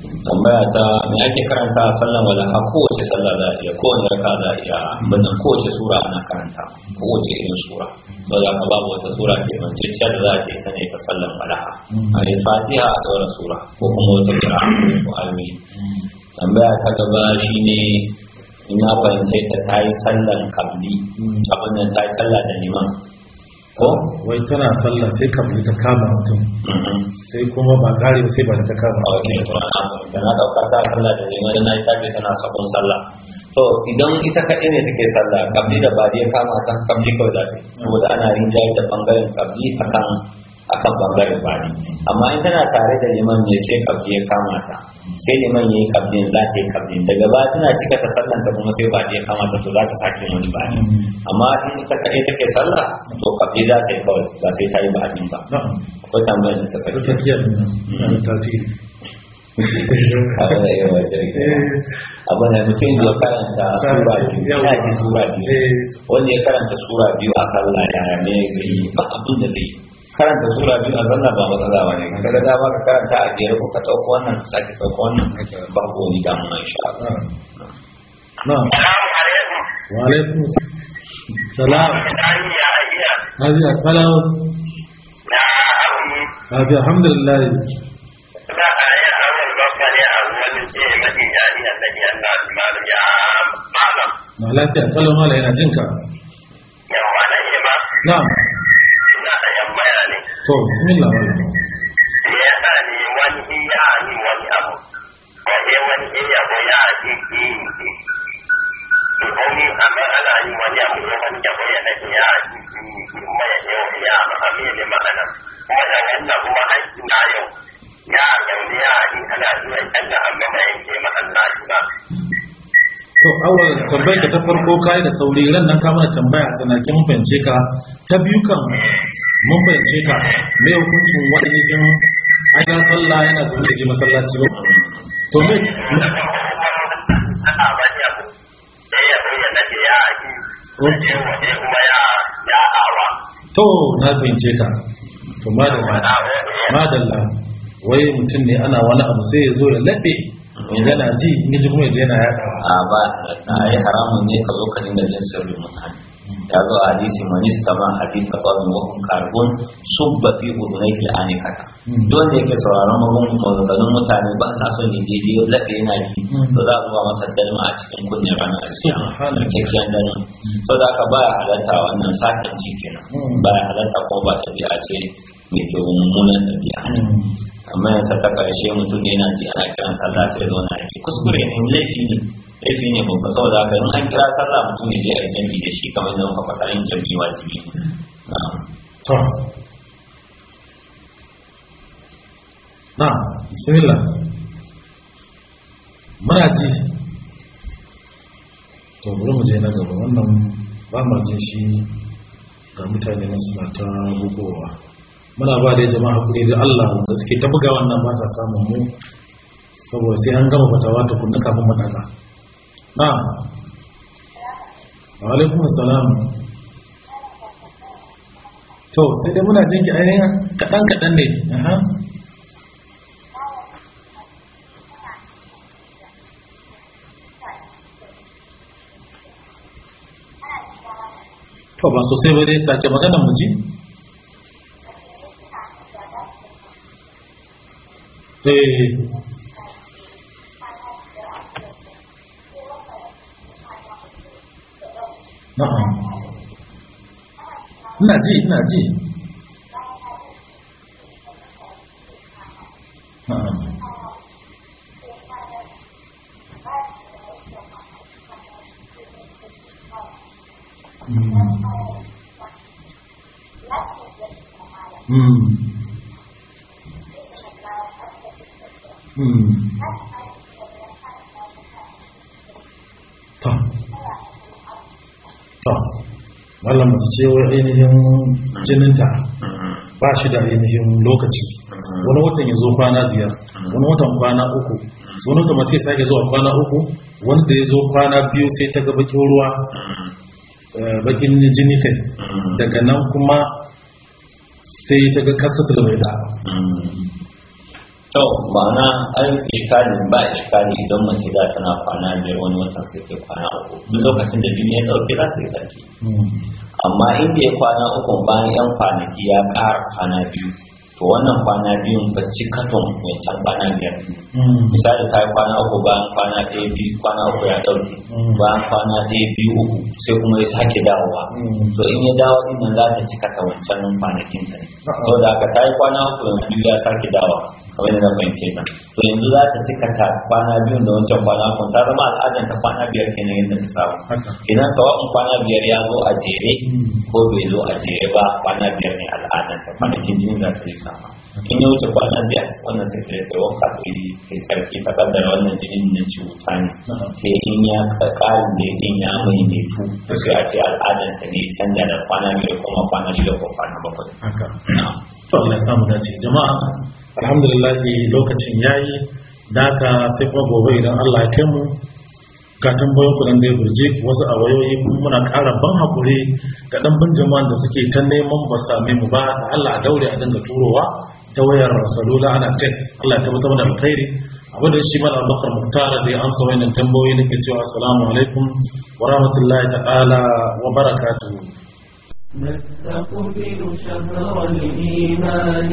tambaya ta me ake karanta a sallan wala ha kowace sallah za a iya kowace raka za a iya bannan kowace sura ana karanta kowace irin sura ba za ka babu wata sura ke manciciya da za a ce ita ne ta sallan wala ha a yi fatiha a tsawon sura ko kuma wata kira ko almi tambaya ta gaba shi ne ina fahimta ta ta yi sallan kabli abin da ta yi sallah da liman ko wai tana sallah sai kafin ta kama mutum sai kuma ba kare sai ba ta kama a wakil da na dauka ta sallah da neman na ita ce tana sakon sallah to idan ita kaɗai ne take sallah kabli da ba ya kama ta kabli kawai za ta saboda ana rinjaye da bangaren kabli a akan bangaren bari amma in tana tare da neman ne sai kabli ya kama ta sai liman yi kabdin za ta yi kabdin daga ba tana cika ta sallan ta kuma sai ba da ya kamata to za ta sake wani ba ne amma in ta ta ke sallah to kabdin za ta yi kawai ba sai ta yi ba ajin ba ko tambayar ta sake hmm. ta fi kawai yawa abu ne mutum ya karanta sura biyu ya ji sura biyu eh. wanda ya karanta sura biyu a sallah ya ne zai ba abin da zai yi karanta sura biyu a zanna ba matsala ba ne ka ga dama ka karanta a jere ko ka ɗauko wannan ka sake ɗauko wannan ba ko ni mun insha Allah na'am wa alaikum salam alhamdulillah lafiya yana jinka to bismillah ya ani wani ya ani wani abu ko ya wani ya ko ya ji ji ko ni amma ala ni wani abu ko wani ya ko ya ji ya ji kuma ya yau ya amma ne ma'ana kuma da wannan kuma ai na yau ya ya ji ana zuwa amma ba to awal tambayar ta farko kai da sauri ran nan ka mana tambaya sanake mun ka ta biyu kan mun fahimce ka mai hukuncin waɗanda in aina ya yana zuwa da ke masallaci ba to mai to na fahimce ka to da la wai mutum ne ana wani abu sai ya zo ya laɓe na ji in ji kuma ya je yana yaɗa a ba a yi haramun ne ka zo ka dinga jin sirri mutane ya zo a hadisi manista ban hadith ta ba mu kun karbon subba fi udunai fil kata don da yake sauraron maganganun mutane ba sa son yin daidai yau laɓe yana ji to za a zuwa masa dalma a cikin kunnen ranar asiyama da kyakkyan dalma so da aka baya halatta wannan sakin ji kenan baya halatta ko ba ta a ce mai ke mummunan tafiya ne amma yansa ta ƙarshe mutum yana ji ana kiran sallah sai zo na yi kuskure ne laifi ne laifi ne babba saboda haka in an kira sallah mutum ne zai aljami da shi kamar yadda muka faɗa yin jami'i wajibi to na bismillah muna ji to bari mu je na gaba wannan ba mu je shi ga mutane na suna ta bugowa muna ba da jama'a hakuri da Allah da suke ta buga wannan ba sa samun mu saboda sai an gama fatawa ta kunna kafin mu daga Ah. Wa alaikum salam to sai dai muna jinki ainihin kaɗan-kaɗan ne aha to ba sosai ba dai sake magana mu ji eh Na'am. Ina ji, ina ji. Na'am. ừ Mm. Mm. to mallam mace ce wa ainihin jininta ba shi da ainihin lokaci mm-hmm. wani watan ya zo kwana biyar mm-hmm. wani watan kwana uku mm-hmm. wani watan sai sake zuwa kwana uku wanda ya zo kwana biyu sai ta ga bakin ruwa eh, bakin jini kai daga nan kuma sai ta ga kasa da mai da to ma'ana an ikalin ba ikali idan mace za tana kwana biyar wani watan sai ke kwana uku duk lokacin da jini ya dauke za ta yi sarki hmm. amma inda ya kwana uku bayan yan kwanaki ya kara kwana biyu to wannan kwana biyun ba katon mai can kwana biyar hmm. misali ta yi kwana uku bayan kwana ɗaya biyu kwana uku ya dauke hmm. bayan kwana ɗaya biyu uku sai kuma ya sake dawowa to in ya dawo din nan za ta ci ta wancan kwanakin ta ne uh-uh. saboda haka ta yi kwana uku yanzu ya sake dawowa kamar yadda fahimce ta to yanzu za ta cika ta kwana biyu da wancan kwana kun ta zama al'adar ta kwana biyar kenan yadda ta samu kenan sawa'un kwana biyar ya zo a jere ko bai zo a jere ba kwana biyar ne al'adar ta ke jini za ta yi sama in ya wuce kwana biyar wannan sai ta ka wanka ko yi kai sarki ta kaddara wannan jinin na cuta ne sai in ya kakar da in ya mai ne fu to sai a ce al'adar ta ne canja da kwana biyar kuma kwana shida ko kwana bakwai. to Allah ya samun dace jama'a alhamdulillah lokacin yayi daka sai kuma gobe idan Allah ya kai mu ga tambayoyin ku dan da burje wasu a wayoyi kuma muna ƙara ban hakuri ga dan bin jama'an da suke ta neman ba same mu ba da Allah a daure a dinga turowa ta wayar salula ana text Allah ya tabbata mana alkhairi abin da shi mana Abubakar Muftara da ya amsa wayannan tambayoyi nake cewa assalamu alaikum wa rahmatullahi ta'ala wa barakatuh نستقبل شهر الإيمان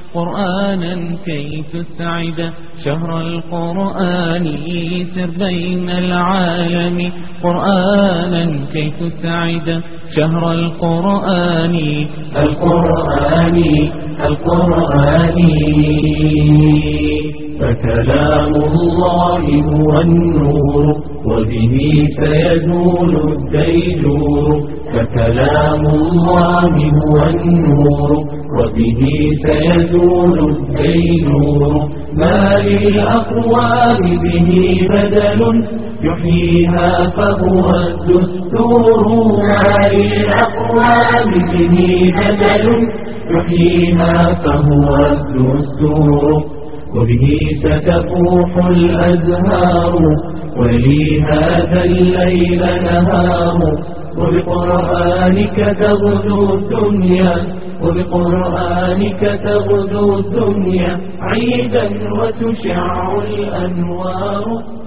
قرآنا كي تسعد شهر القرآن سر بين العالم قرآنا كي تسعد شهر القرآن القرآن القرآن فكلام الله هو النور وبه سيزول الديجور فكلام الله هو النور وبه سيزول الدينور ما للأقوام به بدل يحييها فهو الدستور ما للأقوام به بدل يحييها فهو الدستور وبه ستفوح الأزهار ولي هذا الليل نهار وبقرآنك تغدو الدنيا وبقرآنك تغدو الدنيا عيدا وتشع الأنوار